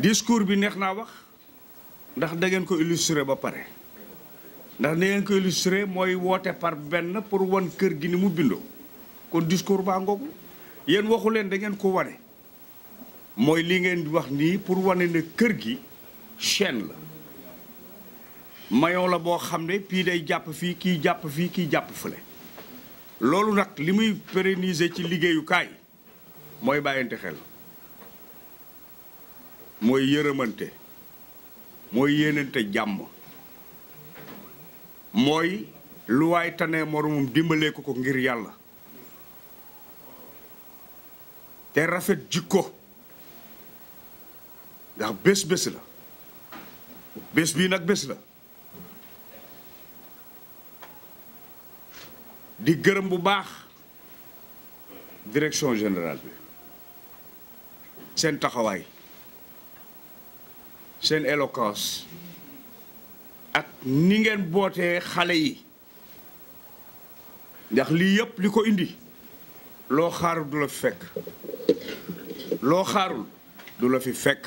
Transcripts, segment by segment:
discours bi neex naa wax ndax dangeen ko illustré ba pare ndax da ngeen ko illustré mooy woote par benn pour wan kër gi ni mu bindoo kon discours baa ngoogu yéen waxu leen da ngeen ko wane mooy li ngeen di wax nii pour wane ne kër gi chaîne la maillon la boo xam ne kii day jàpp fii kii jàpp fii kii jàpp fële loolu nag li muy pérenniser ci liggéeyukaay mooy bàyyante xel mooy yërëmante mooy yéenante jàmm mooy lu waay tane moromum dimbalee ko ko ngir yàlla te rafet jikko ndax bés bés la bés bii nag bés la di gërëm bu baax direction générale bi seen taxawaay seen éloquence ak ningeen boote xale yi ndax lii yëpp li ko indi loo xaarul du la fekk loo xaarul du la fi fekk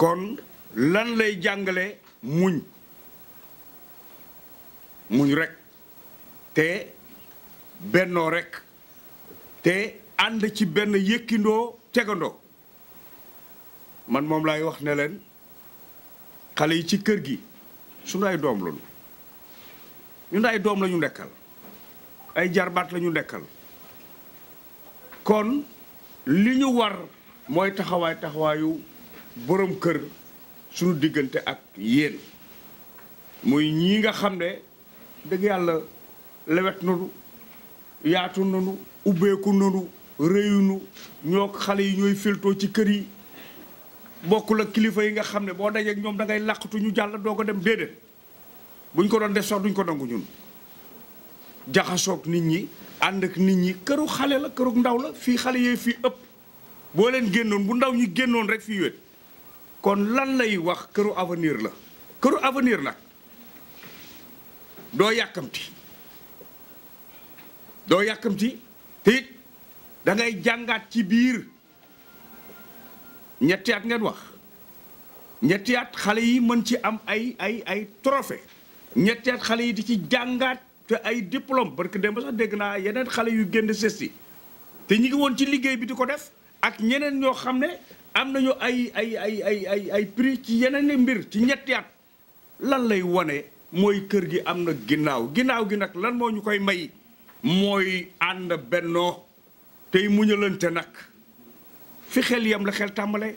kon lan lay jàngale muñ muñ rekk te bennoo rekk te ànd ci benn yëkkindoo tegandoo man moom lay wax ne leen xale yi ci kër gi suñu ay doom lañu ñun ay doom lañu ñu nekkal ay jarbaat la ñu nekkal kon li ñu war mooy taxawaay taxawaayu boroom kër suñu diggante ak yéen muy ñii nga xam ne dëgg yàlla lewet nanu yaatu nanu ubbeeku nanu réyu nu ñoo xale yi ñooy filtoo ci kër yi bokkul ak kilifa yi nga xam ne boo dajeek ñoom dangay ngay ñu jàll doo ko dem déedéet buñ ko doon def sax duñ ko nangu ñun jaxasoog nit ñi ànd ak nit ñi këru xale la këru ndaw la fii xale yee fii ëpp boo leen génnoon bu ndaw ñi génnoon rek fii wét kon lan lay wax këru avenir la këru avenir la doo yàkkamti doo yàkkamti te dangay jàngaat ci biir ñetti at ngeen wax ñetti at xale yi mën ci am ay ay ay trophée ñetti xale yi di ci jàngaat te ay diplôme parce que démb sax dégg naa yeneen xale yu génn sesti te ñi ngi woon ci liggéey bi di ko def ak ñeneen ñoo xam ne am nañu ay ay ay ay ay ay prix ci yeneen mbir ci ñetti at lan lay wane mooy kër gi am na ginnaaw ginnaaw gi nag lan moo ñu koy may mooy ànd bennoo tey muñalante nag fi xel yem la xel tàmbalee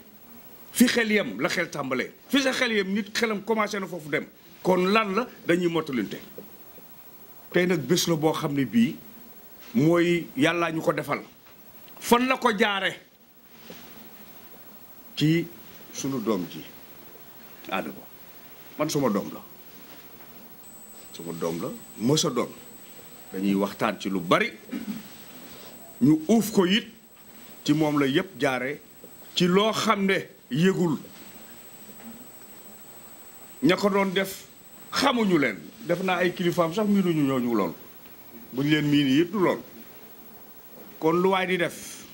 fi xel yem la xel tàmbalee fi sa xel yem nit xelam commencé na foofu dem kon lan la dañuy mottalinte tey nag bés la boo xam ne bii mooy yàllaa ñu ko defal fan la ko jaare ci sunu doom ji Adama man suma doom la suma doom la mësa doom dañuy waxtaan ci lu bari ñu uuf ko yit ci moom la yëpp jaare ci loo xam ne yëgul ña doon def xamuñu leen def naa ay kilifaam sax miinuñu ñooñu lool buñ leen miin yëpp du kon lu waay di def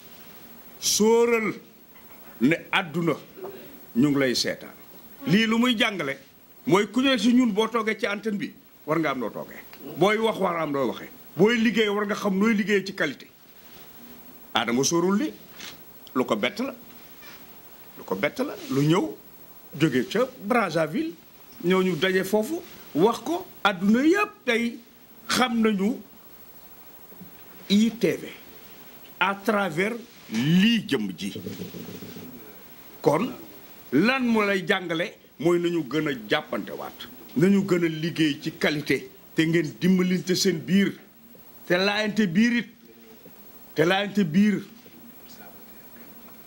sóoral ne àdduna ñu ngi lay seetaan lii lu muy jàngale mooy ku ne si ñun boo toogee ci anteen bi war nga am loo toogee booy wax war am loo waxee booy liggéey war nga xam nooy liggéey ci qualité Adama sóorul li lu ko bett la lu ko bett la lu ñëw jóge ca Brazzaville ñëw ñu daje foofu wax ko àdduna yëpp tey xam nañu ITV à travers lii jëm ji kon lan mu lay jàngale mooy ñu gën a jàppantewaat nañu gën a liggéey ci qualité te ngeen dimbalinte seen biir te laayante biir te laayante biir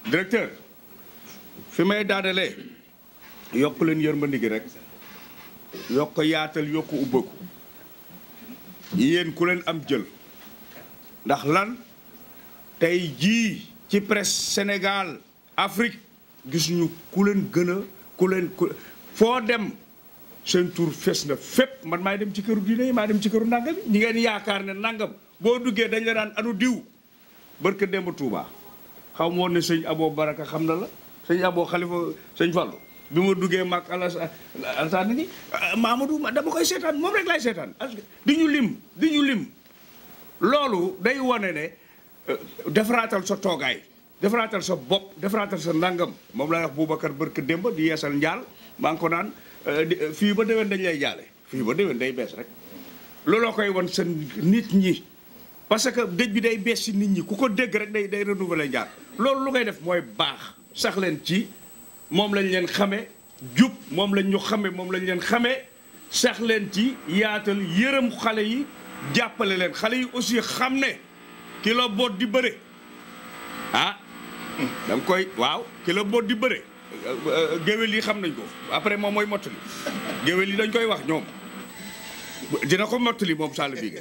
directeur fi may daadalee yokk leen ma gi rek yokk yaatal yokk ubbaku yéen ku leen am jël ndax lan tey jii ci presse Sénégal Afrique gisuñu ku leen gën a ku leen ku foo dem seen tur fees na fépp man maay dem ci këru diine yi maa dem ci këru nangam ñi ngeen yaakaar ne nangam boo duggee dañ la daan anu diw barke démb Touba xaw ma woon ne sëñ aboo Baraka xam na la sëñ Abo Xalifa sëñ Fallou bi ma duggee maak alas alsaan ni ah, Mamadou dama koy seetaan moom rek laay seetaan di ñu lim loolu day wane ne euh, defaraatal sa toogaay defaraatal sa bopp defaraatal sa ndàngam moom laay wax Boubacar barke démb di yeesal njaal maa ngi ko naan euh, fii ba déwén dañ lay jaale fii ba déwén rek looloo koy wan nit ñi parce que géej bi day bees ci nit ñi ku ko dégg rek day day renouveler jaar loolu lu ngay def mooy baax sax leen ci moom lañ leen xamee jub moom lañ ñu xamee moom lañ leen xamee sax leen ci yaatal yërëm xale yi jàppale leen xale yi aussi xam ne ki boot di bëre ah da koy waaw kilo la boot di bëre géwél yi xam nañ ko après moom mooy mottali géwél yi dañ koy wax ñoom dina ko mott li moom sàll bi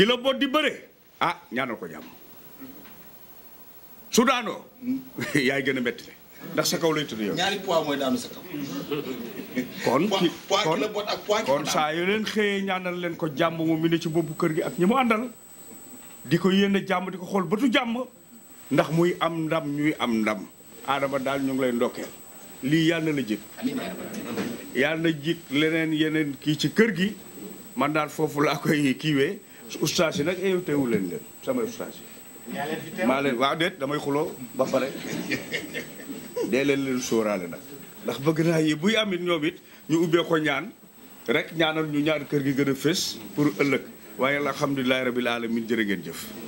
ki la boot di bëre ah ñaanal ko jàmm su daanoo yaay gën a métti ndax sa kaw lay tudd yow. ñaari poids mooy kon saa yu leen xëyee ñaanal leen ko jàmm moom mi ne ci boppu kër gi ak ñi mu àndal di ko yéene jàmm di ko xool bëtu jàmm ndax muy am ndam ñuy am ndam. Adama daal ñu ngi lay ndokkeel lii yàlla la jik yàlla na leneen yeneen kii ci kër gi man daal foofu laa koy kiiwee. ustaas yi nag invité wu leen leen samay ustaas maa leen waaw déet damay xuloo ba pare dee leen leen sóoraale nag ndax bëgg naa yi buy amit ñoom it ñu ubbee ko ñaan rek ñaanal ñu ñaan kër gi gën a fés pour ëllëg waaye alhamdulilahi rabil alamin jërë ngeen jëf